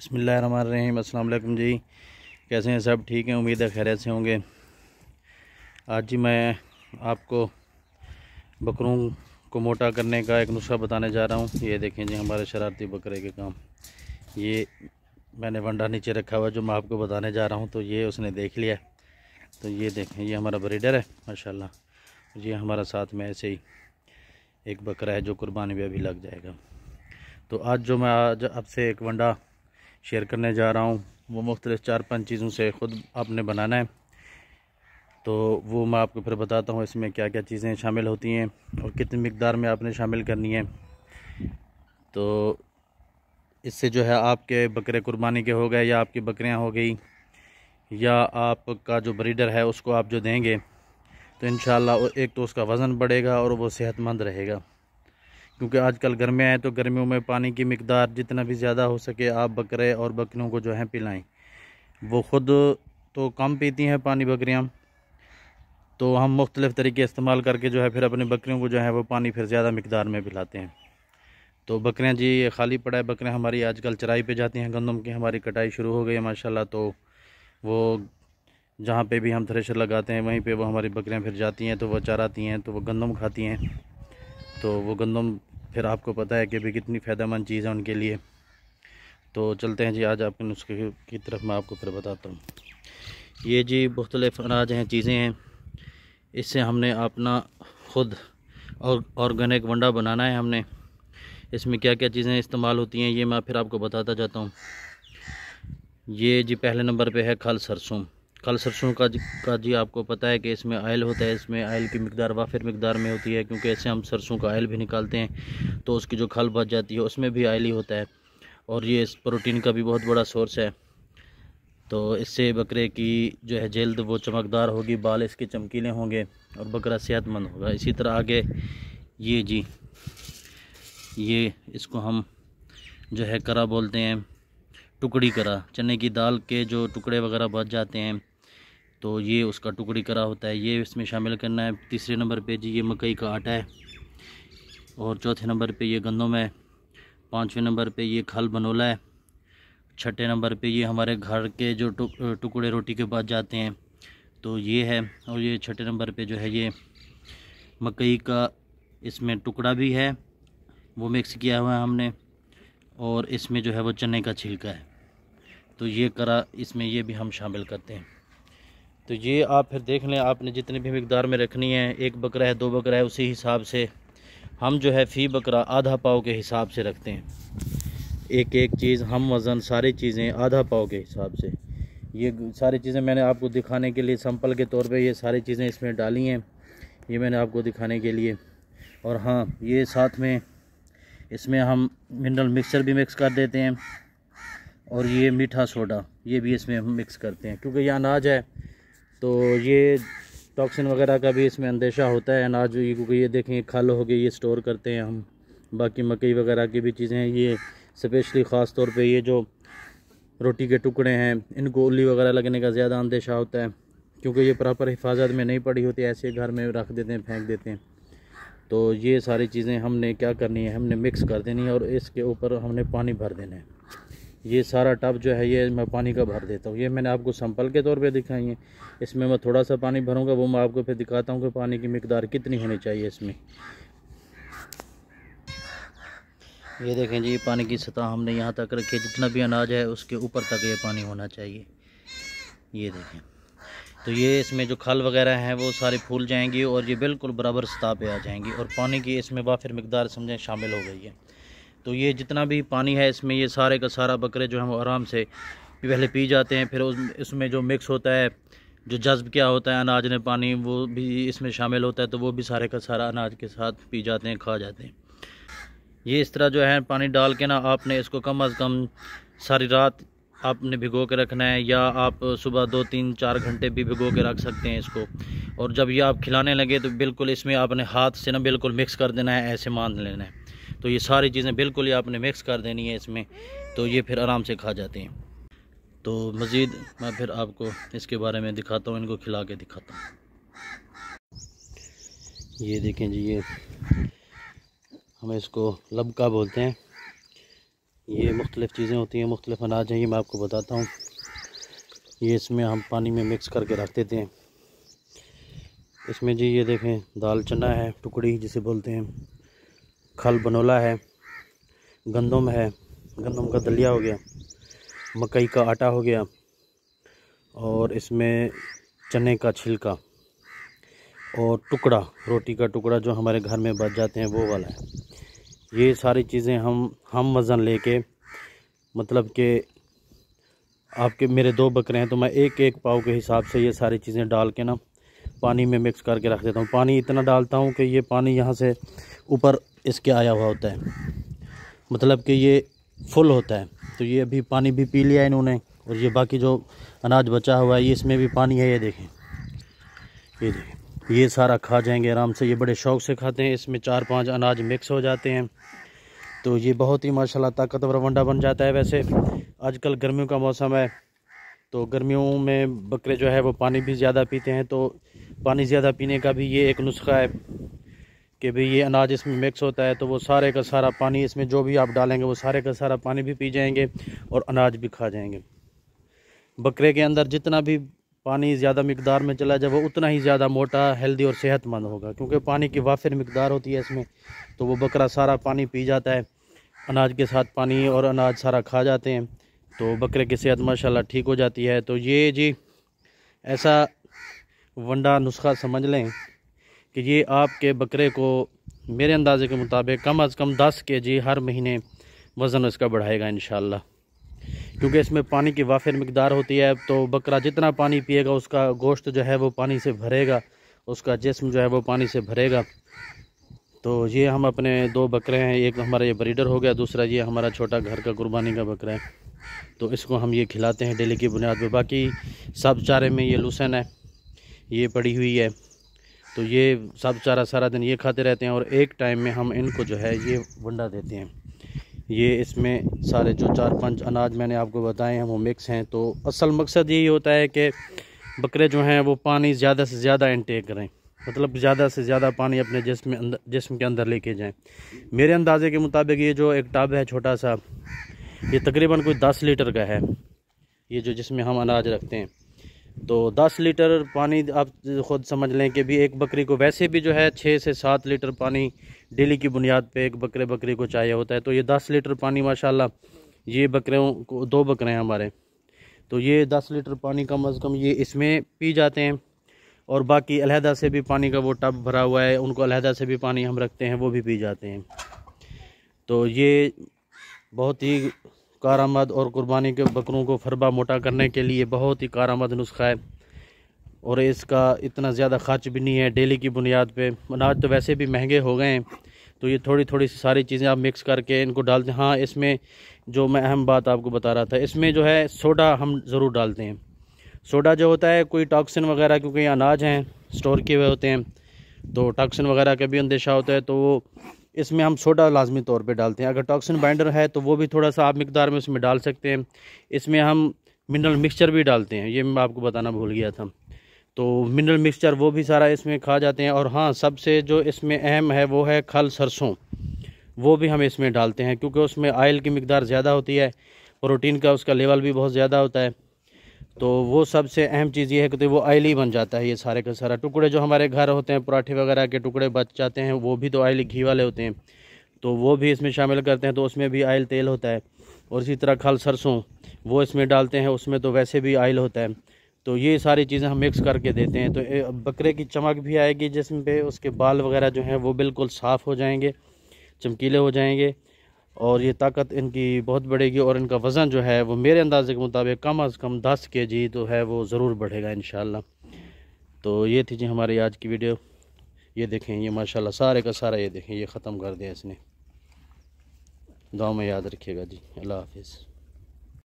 بسم اللہ الرحمن الرحیم السلام علیکم جی کیسے ہیں سب ٹھیک ہیں امید ہے خیریت سے ہوں گے آج جی میں آپ کو بکروں کو موٹا کرنے کا ایک نسخہ بتانے جا رہا ہوں یہ دیکھیں جی ہمارے شرارتی بکرے کے کام یہ میں نے ونڈا نیچے رکھا ہوا جو میں آپ کو بتانے جا رہا ہوں تو یہ اس نے دیکھ لیا ہے تو یہ دیکھیں یہ ہمارا بریڈر ہے ماشاءاللہ یہ جی، ہمارا ساتھ میں ایسے ہی ایک بکرا ہے جو قربانی بھی ابھی لگ جائے گا تو آج جو میں آج آپ سے ایک ونڈا شیئر کرنے جا رہا ہوں وہ مختلف چار پانچ چیزوں سے خود آپ نے بنانا ہے تو وہ میں آپ کو پھر بتاتا ہوں اس میں کیا کیا چیزیں شامل ہوتی ہیں اور کتنی مقدار میں آپ نے شامل کرنی ہے تو اس سے جو ہے آپ کے بکرے قربانی کے ہو گئے یا آپ کی بکریاں ہو گئی یا آپ کا جو بریڈر ہے اس کو آپ جو دیں گے تو انشاءاللہ ایک تو اس کا وزن بڑھے گا اور وہ صحت مند رہے گا کیونکہ آج کل گرمیاں آئے تو گرمیوں میں پانی کی مقدار جتنا بھی زیادہ ہو سکے آپ بکرے اور بکریوں کو جو ہیں پلائیں وہ خود تو کم پیتی ہیں پانی بکریاں تو ہم مختلف طریقے استعمال کر کے جو ہے پھر اپنے بکریوں کو جو ہے وہ پانی پھر زیادہ مقدار میں پلاتے ہیں تو بکریاں جی یہ خالی پڑا ہے بکریاں ہماری آج کل چرائی پہ جاتی ہیں گندم کی ہماری کٹائی شروع ہو گئی ہے ماشاءاللہ تو وہ جہاں پہ بھی ہم تھریشر لگاتے ہیں وہیں پہ وہ ہماری بکریاں پھر جاتی ہیں تو وہ چراتی ہیں تو وہ گندم کھاتی ہیں تو وہ گندم پھر آپ کو پتہ ہے کہ بھی کتنی فائدہ مند چیز ہے ان کے لیے تو چلتے ہیں جی آج آپ کے نسخے کی طرف میں آپ کو پھر بتاتا ہوں یہ جی مختلف اناج ہیں چیزیں ہیں اس سے ہم نے اپنا خود اور آرگینک ونڈا بنانا ہے ہم نے اس میں کیا کیا چیزیں استعمال ہوتی ہیں یہ میں پھر آپ کو بتاتا جاتا ہوں یہ جی پہلے نمبر پہ ہے کھل سرسوں کل سرسوں کا جی- کا جی آپ کو پتہ ہے کہ اس میں آئل ہوتا ہے اس میں آئل کی مقدار وافر مقدار میں ہوتی ہے کیونکہ ایسے ہم سرسوں کا آئل بھی نکالتے ہیں تو اس کی جو کھل بچ جاتی ہے اس میں بھی آئلی ہوتا ہے اور یہ اس پروٹین کا بھی بہت بڑا سورس ہے تو اس سے بکرے کی جو ہے جلد وہ چمکدار ہوگی بال اس کے چمکیلے ہوں گے اور بکرا صحت مند ہوگا اسی طرح آگے یہ جی یہ اس کو ہم جو ہے کرا بولتے ہیں ٹکڑی کرا چنے کی دال کے جو ٹکڑے وغیرہ بچ جاتے ہیں تو یہ اس کا ٹکڑی کرا ہوتا ہے یہ اس میں شامل کرنا ہے تیسرے نمبر پہ جی، یہ مکئی کا آٹا ہے اور چوتھے نمبر پہ یہ گندم ہے پانچویں نمبر پہ یہ کھل بنولا ہے چھٹے نمبر پہ یہ ہمارے گھر کے جو ٹکڑے روٹی کے بعد جاتے ہیں تو یہ ہے اور یہ چھٹے نمبر پہ جو ہے یہ مکئی کا اس میں ٹکڑا بھی ہے وہ مکس کیا ہوا ہے ہم نے اور اس میں جو ہے وہ چنے کا چھلکا ہے تو یہ کرا اس میں یہ بھی ہم شامل کرتے ہیں تو یہ آپ پھر دیکھ لیں آپ نے جتنے بھی مقدار میں رکھنی ہے ایک بکرا ہے دو بکرا ہے اسی حساب سے ہم جو ہے فی بکرا آدھا پاؤ کے حساب سے رکھتے ہیں ایک ایک چیز ہم وزن ساری چیزیں آدھا پاؤ کے حساب سے یہ ساری چیزیں میں نے آپ کو دکھانے کے لیے سمپل کے طور پہ یہ ساری چیزیں اس میں ڈالی ہیں یہ میں نے آپ کو دکھانے کے لیے اور ہاں یہ ساتھ میں اس میں ہم منرل مکسر بھی مکس کر دیتے ہیں اور یہ میٹھا سوڈا یہ بھی اس میں ہم مکس کرتے ہیں کیونکہ یہ اناج ہے تو یہ ٹاکسن وغیرہ کا بھی اس میں اندیشہ ہوتا ہے اناج کیونکہ یہ دیکھیں کھل ہو گئی یہ سٹور کرتے ہیں ہم باقی مکئی وغیرہ کی بھی چیزیں ہیں یہ اسپیشلی خاص طور پہ یہ جو روٹی کے ٹکڑے ہیں ان کو الی وغیرہ لگنے کا زیادہ اندیشہ ہوتا ہے کیونکہ یہ پراپر حفاظت میں نہیں پڑی ہوتی ایسے گھر میں رکھ دیتے ہیں پھینک دیتے ہیں تو یہ ساری چیزیں ہم نے کیا کرنی ہے ہم نے مکس کر دینی ہے اور اس کے اوپر ہم نے پانی بھر دینا ہے یہ سارا ٹب جو ہے یہ میں پانی کا بھر دیتا ہوں یہ میں نے آپ کو سمپل کے طور پہ دکھائی ہیں اس میں میں تھوڑا سا پانی بھروں گا وہ میں آپ کو پھر دکھاتا ہوں کہ پانی کی مقدار کتنی ہونی چاہیے اس میں یہ دیکھیں جی پانی کی سطح ہم نے یہاں تک رکھی جتنا بھی اناج ہے اس کے اوپر تک یہ پانی ہونا چاہیے یہ دیکھیں تو یہ اس میں جو کھل وغیرہ ہیں وہ سارے پھول جائیں گی اور یہ بالکل برابر سطح پہ آ جائیں گی اور پانی کی اس میں بافر مقدار سمجھیں شامل ہو گئی ہے تو یہ جتنا بھی پانی ہے اس میں یہ سارے کا سارا بکرے جو ہم آرام سے پہلے پی جاتے ہیں پھر اس میں جو مکس ہوتا ہے جو جذب کیا ہوتا ہے اناج نے پانی وہ بھی اس میں شامل ہوتا ہے تو وہ بھی سارے کا سارا اناج کے ساتھ پی جاتے ہیں کھا جاتے ہیں یہ اس طرح جو ہے پانی ڈال کے نا آپ نے اس کو کم از کم ساری رات آپ نے بھگو کے رکھنا ہے یا آپ صبح دو تین چار گھنٹے بھی بھگو کے رکھ سکتے ہیں اس کو اور جب یہ آپ کھلانے لگے تو بالکل اس میں آپ نے ہاتھ سے نا بالکل مکس کر دینا ہے ایسے مان لینا ہے تو یہ ساری چیزیں بالکل ہی آپ نے مکس کر دینی ہے اس میں تو یہ پھر آرام سے کھا جاتے ہیں تو مزید میں پھر آپ کو اس کے بارے میں دکھاتا ہوں ان کو کھلا کے دکھاتا ہوں یہ دیکھیں جی یہ ہم اس کو لبکا بولتے ہیں یہ مختلف چیزیں ہوتی ہیں مختلف اناج ہیں یہ میں آپ کو بتاتا ہوں یہ اس میں ہم پانی میں مکس کر کے رکھ دیتے ہیں اس میں جی یہ دیکھیں دال چنا ہے ٹکڑی جسے بولتے ہیں کھل بنولا ہے گندم ہے گندم کا دلیا ہو گیا مکئی کا آٹا ہو گیا اور اس میں چنے کا چھلکا اور ٹکڑا روٹی کا ٹکڑا جو ہمارے گھر میں بچ جاتے ہیں وہ والا ہے یہ ساری چیزیں ہم ہم وزن لے کے مطلب کہ آپ کے میرے دو بکرے ہیں تو میں ایک ایک پاؤ کے حساب سے یہ ساری چیزیں ڈال کے نا پانی میں مکس کر کے رکھ دیتا ہوں پانی اتنا ڈالتا ہوں کہ یہ پانی یہاں سے اوپر اس کے آیا ہوا ہوتا ہے مطلب کہ یہ فل ہوتا ہے تو یہ ابھی پانی بھی پی لیا ہے انہوں نے اور یہ باقی جو اناج بچا ہوا ہے یہ اس میں بھی پانی ہے یہ دیکھیں یہ دیکھیں یہ سارا کھا جائیں گے آرام سے یہ بڑے شوق سے کھاتے ہیں اس میں چار پانچ اناج مکس ہو جاتے ہیں تو یہ بہت ہی ماشاءاللہ طاقتور ونڈا بن جاتا ہے ویسے آج کل گرمیوں کا موسم ہے تو گرمیوں میں بکرے جو ہے وہ پانی بھی زیادہ پیتے ہیں تو پانی زیادہ پینے کا بھی یہ ایک نسخہ ہے کہ بھئی یہ اناج اس میں مکس ہوتا ہے تو وہ سارے کا سارا پانی اس میں جو بھی آپ ڈالیں گے وہ سارے کا سارا پانی بھی پی جائیں گے اور اناج بھی کھا جائیں گے بکرے کے اندر جتنا بھی پانی زیادہ مقدار میں چلا جائے وہ اتنا ہی زیادہ موٹا ہیلدی اور صحت مند ہوگا کیونکہ پانی کی وافر مقدار ہوتی ہے اس میں تو وہ بکرا سارا پانی پی جاتا ہے اناج کے ساتھ پانی اور اناج سارا کھا جاتے ہیں تو بکرے کی صحت ماشاءاللہ ٹھیک ہو جاتی ہے تو یہ جی ایسا ونڈا نسخہ سمجھ لیں کہ یہ آپ کے بکرے کو میرے اندازے کے مطابق کم از کم دس کے جی ہر مہینے وزن اس کا بڑھائے گا انشاءاللہ کیونکہ اس میں پانی کی وافر مقدار ہوتی ہے تو بکرا جتنا پانی پیے گا اس کا گوشت جو ہے وہ پانی سے بھرے گا اس کا جسم جو ہے وہ پانی سے بھرے گا تو یہ ہم اپنے دو بکرے ہیں ایک ہمارا یہ بریڈر ہو گیا دوسرا یہ ہمارا چھوٹا گھر کا قربانی کا بکرا ہے تو اس کو ہم یہ کھلاتے ہیں ڈیلی کی بنیاد پہ باقی سب چارے میں یہ لوسن ہے یہ پڑی ہوئی ہے تو یہ سب چارہ سارا دن یہ کھاتے رہتے ہیں اور ایک ٹائم میں ہم ان کو جو ہے یہ ونڈا دیتے ہیں یہ اس میں سارے جو چار پانچ اناج میں نے آپ کو بتائے ہیں وہ مکس ہیں تو اصل مقصد یہی ہوتا ہے کہ بکرے جو ہیں وہ پانی زیادہ سے زیادہ انٹیک کریں مطلب زیادہ سے زیادہ پانی اپنے جسم اندر جسم کے اندر لے کے جائیں میرے اندازے کے مطابق یہ جو ایک ٹب ہے چھوٹا سا یہ تقریباً کوئی دس لیٹر کا ہے یہ جو جس میں ہم اناج رکھتے ہیں تو دس لیٹر پانی آپ خود سمجھ لیں کہ بھی ایک بکری کو ویسے بھی جو ہے چھ سے سات لیٹر پانی ڈیلی کی بنیاد پہ ایک بکرے بکری کو چاہیے ہوتا ہے تو یہ دس لیٹر پانی ماشاء اللہ یہ بکروں کو دو بکرے ہیں ہمارے تو یہ دس لیٹر پانی کم از کم یہ اس میں پی جاتے ہیں اور باقی علیحدہ سے بھی پانی کا وہ ٹب بھرا ہوا ہے ان کو علیحدہ سے بھی پانی ہم رکھتے ہیں وہ بھی پی جاتے ہیں تو یہ بہت ہی کارآمد اور قربانی کے بکروں کو فربا موٹا کرنے کے لیے بہت ہی کارآمد نسخہ ہے اور اس کا اتنا زیادہ خرچ بھی نہیں ہے ڈیلی کی بنیاد پہ اناج تو ویسے بھی مہنگے ہو گئے ہیں تو یہ تھوڑی تھوڑی ساری چیزیں آپ مکس کر کے ان کو ڈالتے ہیں ہاں اس میں جو میں اہم بات آپ کو بتا رہا تھا اس میں جو ہے سوڈا ہم ضرور ڈالتے ہیں سوڈا جو ہوتا ہے کوئی ٹاکسن وغیرہ کیونکہ یہ اناج ہیں اسٹور کیے ہوئے ہوتے ہیں تو ٹاکسن وغیرہ کا بھی اندیشہ ہوتا ہے تو وہ اس میں ہم سوڈا لازمی طور پہ ڈالتے ہیں اگر ٹاکسن بائنڈر ہے تو وہ بھی تھوڑا سا آپ مقدار میں اس میں ڈال سکتے ہیں اس میں ہم منرل مکسچر بھی ڈالتے ہیں یہ میں آپ کو بتانا بھول گیا تھا تو منرل مکسچر وہ بھی سارا اس میں کھا جاتے ہیں اور ہاں سب سے جو اس میں اہم ہے وہ ہے کھل سرسوں وہ بھی ہم اس میں ڈالتے ہیں کیونکہ اس میں آئل کی مقدار زیادہ ہوتی ہے پروٹین کا اس کا لیول بھی بہت زیادہ ہوتا ہے تو وہ سب سے اہم چیز یہ ہے کہ وہ آئلی بن جاتا ہے یہ سارے کا سارا ٹکڑے جو ہمارے گھر ہوتے ہیں پراٹھے وغیرہ کے ٹکڑے بچ جاتے ہیں وہ بھی تو آئلی گھی والے ہوتے ہیں تو وہ بھی اس میں شامل کرتے ہیں تو اس میں بھی آئل تیل ہوتا ہے اور اسی طرح کھل سرسوں وہ اس میں ڈالتے ہیں اس میں تو ویسے بھی آئل ہوتا ہے تو یہ ساری چیزیں ہم مکس کر کے دیتے ہیں تو بکرے کی چمک بھی آئے گی جسم پہ اس کے بال وغیرہ جو ہیں وہ بالکل صاف ہو جائیں گے چمکیلے ہو جائیں گے اور یہ طاقت ان کی بہت بڑھے گی اور ان کا وزن جو ہے وہ میرے اندازے کے مطابق کم از کم دس کے جی تو ہے وہ ضرور بڑھے گا انشاءاللہ تو یہ تھی جی ہماری آج کی ویڈیو یہ دیکھیں یہ ماشاءاللہ سارے کا سارا یہ دیکھیں یہ ختم کر دیا اس نے دعا میں یاد رکھیے گا جی اللہ حافظ